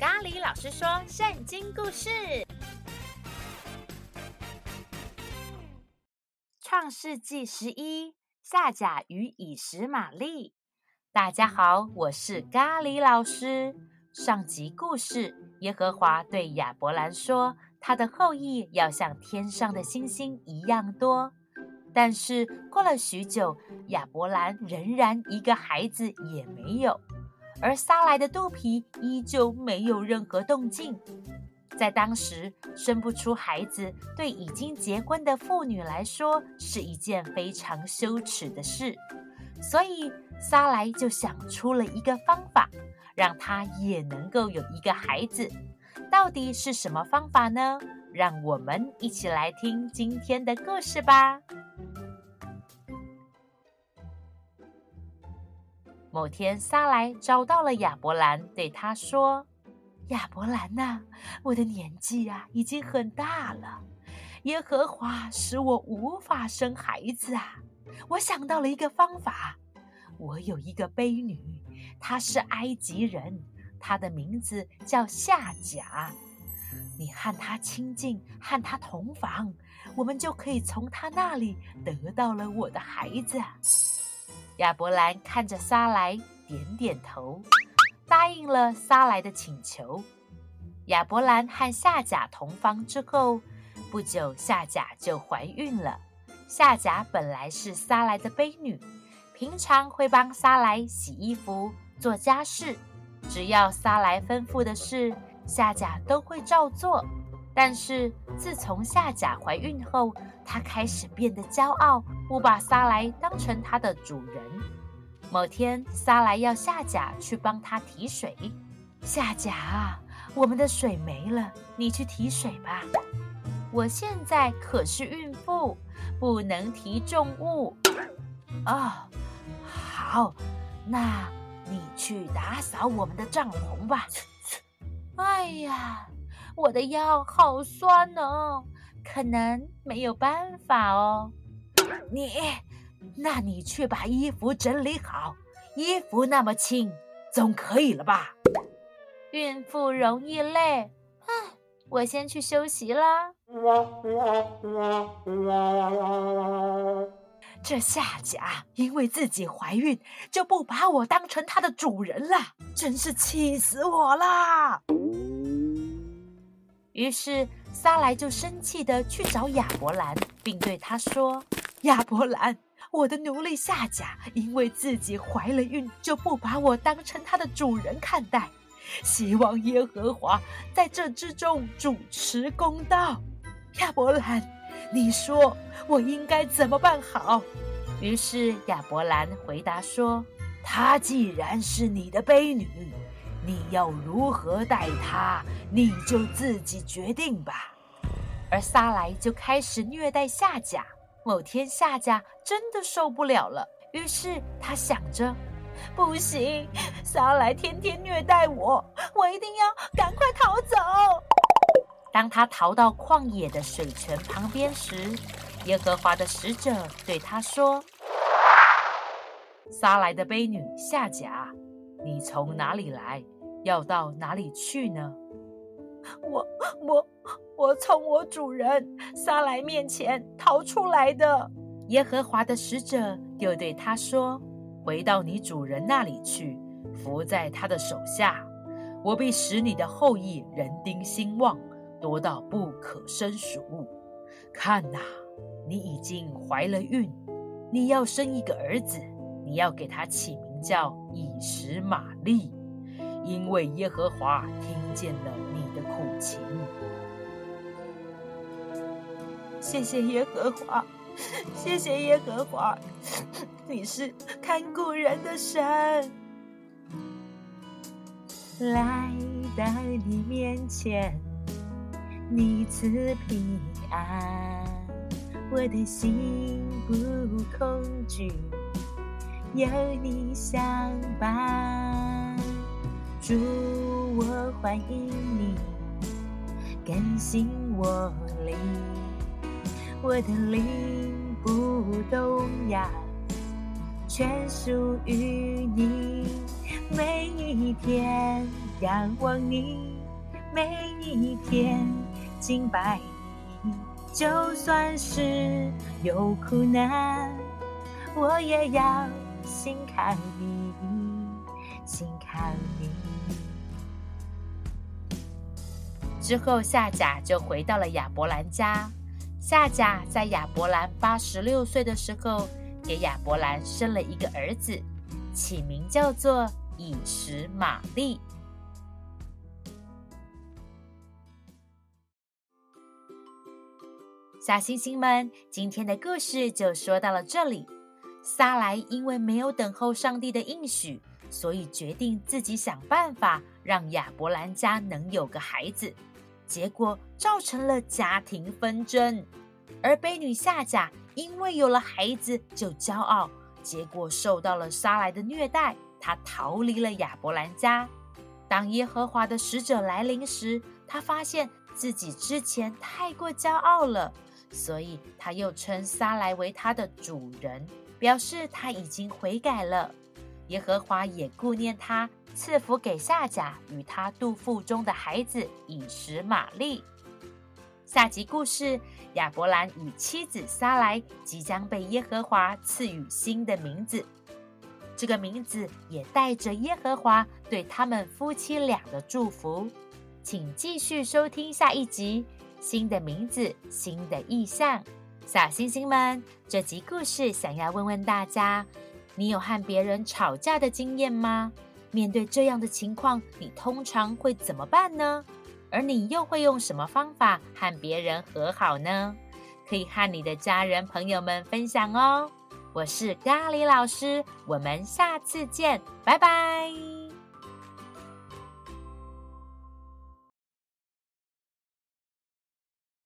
咖喱老師說：“聖經故事，《創世紀》十一，夏甲與以實瑪利，大家好，我是咖喱老師。上集故事，耶和華對亞伯蘭說，他的後裔要像天上的星星一樣多。但是過了許久，亞伯蘭仍然一個孩子也沒有。”而撒萊的肚皮依舊沒有任何動靜，在當時生不出孩子，對已經結婚的婦女來說是一件非常羞恥的事，所以撒萊就想出了一個方法，讓她也能夠有一個孩子。到底是什麼方法呢？讓我們一起來聽今天的故事吧。某天，撒萊找到了亞伯蘭，對他說：“亞伯蘭吶、啊，我的年紀呀、啊，已經很大了。耶和華使我無法生孩子啊。我想到了一個方法，我有一個婢女，她是埃及人，她的名字叫夏甲。你和她親近，和她同房，我們就可以從她那裡得到了我的孩子。”亞伯蘭看着撒萊，點點頭，答應了撒萊的請求。亞伯蘭和夏甲同房之後，不久夏甲就懷孕了。夏甲本來是撒萊的婢女，平常會幫撒萊洗衣服、做家事，只要撒萊吩咐的事，夏甲都會照做。但是自從夏甲懷孕後，她開始變得驕傲，不把撒萊當成她的主人。某天，撒萊要夏甲去幫她提水。夏甲，我們的水沒了，你去提水吧。我現在可是孕婦，不能提重物。哦，好，那你去打掃我們的帳篷吧。哎呀。我的腰好痠哦，可能沒有辦法哦。你，那你去把衣服整理好，衣服那麼輕，總可以了吧？孕婦容易累，唉，我先去休息啦。這夏甲因為自己懷孕，就不把我當成他的主人了，真是氣死我啦！於是撒萊就生氣地去找亞伯蘭，並對他說：“亞伯蘭，我的奴隸夏甲因為自己懷了孕，就不把我當成他的主人看待，希望耶和華在這之中主持公道。亞伯蘭，你說我應該怎麼辦好？”於是亞伯蘭回答說：“她既然是你的婢女。”你要如何待他，你就自己決定吧。」而撒萊就開始虐待夏甲。某天，夏甲真的受不了了，於是他想着：不行，撒萊天天虐待我，我一定要趕快逃走。當他逃到曠野的水泉旁邊時，耶和華的使者對他說：“撒萊、啊、的婢女夏甲，你從哪裡來？”要到哪裡去呢？我我我從我主人撒萊面前逃出來的。耶和華的使者又對他說：“回到你主人那裡去，伏在他的手下。我必使你的後裔人丁興旺，多到不可勝數。看哪，你已經懷了孕，你要生一個兒子，你要給他起名叫以實瑪利。”因為耶和華聽見了你的苦情。謝謝耶和華，謝謝耶和華，你是看顧人的神。來到你面前，你賜平安，我的心不恐懼，有你相伴。主，祝我歡迎你，更新我靈，我的靈不動搖，全屬於你。每一天仰望你，每一天敬拜你，就算是有苦難，我也要心你。請看你。之後，夏甲就回到了亞伯蘭家。夏甲在亞伯蘭八十六歲的時候，給亞伯蘭生了一個兒子，起名叫做以實瑪利。小星星們，今天的故事就說到了這裡。撒來，因為沒有等候上帝的應許，所以決定自己想辦法讓亞伯蘭家能有個孩子，結果造成了家庭紛爭。而婢女夏甲因為有了孩子就驕傲，結果受到了撒萊的虐待。她逃離了亞伯蘭家。當耶和華的使者來臨時，她發現自己之前太過驕傲了，所以她又稱撒萊為她的主人，表示她已經悔改了。耶和華也顧念他，賜福給夏甲與他肚腹中的孩子，以實瑪利。下集故事：亞伯蘭與妻子撒來即將被耶和華賜予新的名字，這個名字也帶着耶和華對他們夫妻倆的祝福。請繼續收聽下一集《新的名字，新的意象》。小星星們，這集故事想要問問大家。你有和別人吵架的經驗嗎？面對這樣的情況，你通常會怎麼辦呢？而你又會用什麼方法和別人和好呢？可以和你的家人朋友們分享哦。我是咖喱老師，我們下次見，拜拜！